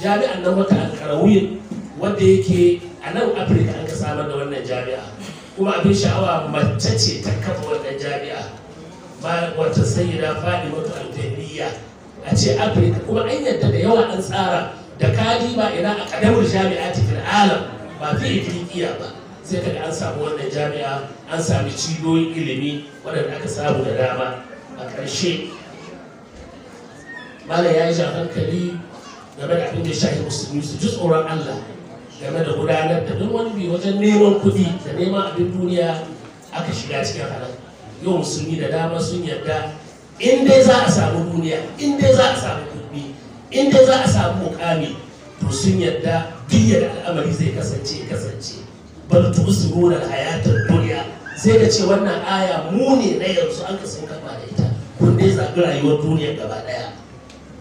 jami'an nan wata alkarawin wanda yake a nan afirka an ka samar da wannan jami'a kuma abin sha'awa mace ce ta kafa wannan jami'a ba wata sayyida faɗi wata alfahiyya a ce afirka kuma an yadda da yawa an tsara da kaji ba ina a kadamar jami'a ta alam ba fi ifriqiya ba sai kaga an samu wannan jami'a an sami cibiyoyin ilimi waɗanda aka samu da dama a ƙarshe malam ya yi hankali game da abin da shafi musulmi su ji tsoron Allah game da gudanar da duk wani biyu wajen neman kuɗi da neman abin duniya aka shiga cikin halar. yau musulmi da dama sun yarda in dai za a samu duniya in dai za a samu kuɗi in dai za a samu mukami to sun yarda duk da al'amari zai kasance kasance bal da hayatar duniya sai da ce wannan aya mu ne na yanzu an kasan kafa da ita kun dai zaɓi rayuwar duniya gaba ɗaya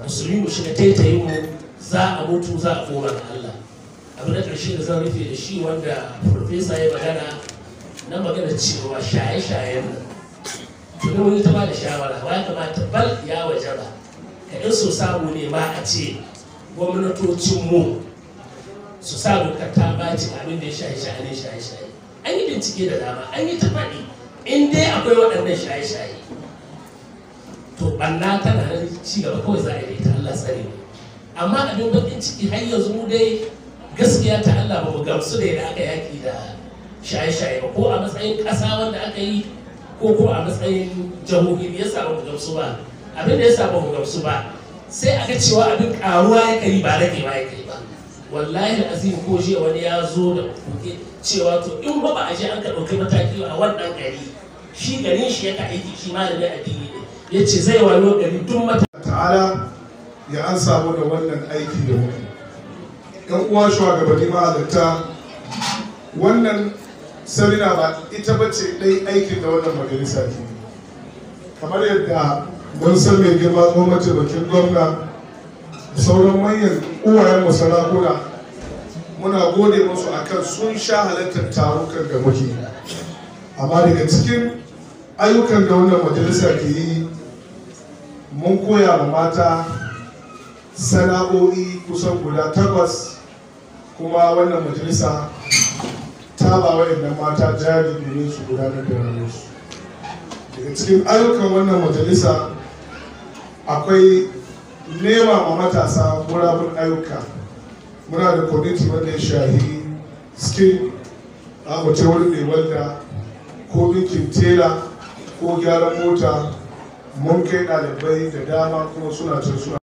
musulmi mu shiga taitayin mu za a mutu za a koma ga Allah abu na ƙarshe da zan rufe da shi wanda profesa ya magana na magana cewa shaye-shayen nan wani ta bada shawara ba ya kamata bal ya waje ba ka in so samu ne ma a ce gwamnatocin mu su samu ka ta baci abin da ya shaye-shaye shaye-shaye an yi bincike da dama an yi ta faɗi in dai akwai waɗannan shaye-shaye to ɓanna tana ci gaba kawai za a yi ta Allah tsare ne amma abin bakin ciki har yanzu mu dai gaskiya ta Allah ba mu gamsu da yadda aka yaki da shaye-shaye ba ko a matsayin ƙasa wanda aka yi ko ko a matsayin jihohi ya sa ba mu gamsu ba abin da ya sa ba mu gamsu ba sai aka cewa abin karuwa ya kai ba rage ba ya kai ba wallahi azim ko jiya wani ya zo da kuke cewa to in ba ba a je an ka ɗauki mataki a wannan gari shi garin shi ya aiki shi malamin addini ne ya ce zai wayo gari duk mata ta'ala ya an samu da wannan aiki da muke yan uwa shugabanni mahalarta wannan samina ba ita bace ce ɗai aikin da wannan majalisa ke kamar yadda mun san mai girma gwamnati bakin gwamna sauran manyan uwayen sarakuna muna gode musu akan sun sha halittar tarukan da muke amma daga cikin ayyukan da wannan majalisa ke yi mun koya wa mata sana'o'i kusan guda takwas kuma wannan majalisa ta ba mata jari domin su gudanar da rayuwarsu daga cikin ayyukan wannan majalisa akwai nema ma matasa murabun ayyuka muna da kwamiti wanda ya shahi skin a mace wurin mai wanda ko bikin tela ko gyaran mota mun kai ɗalibai da dama kuma suna can suna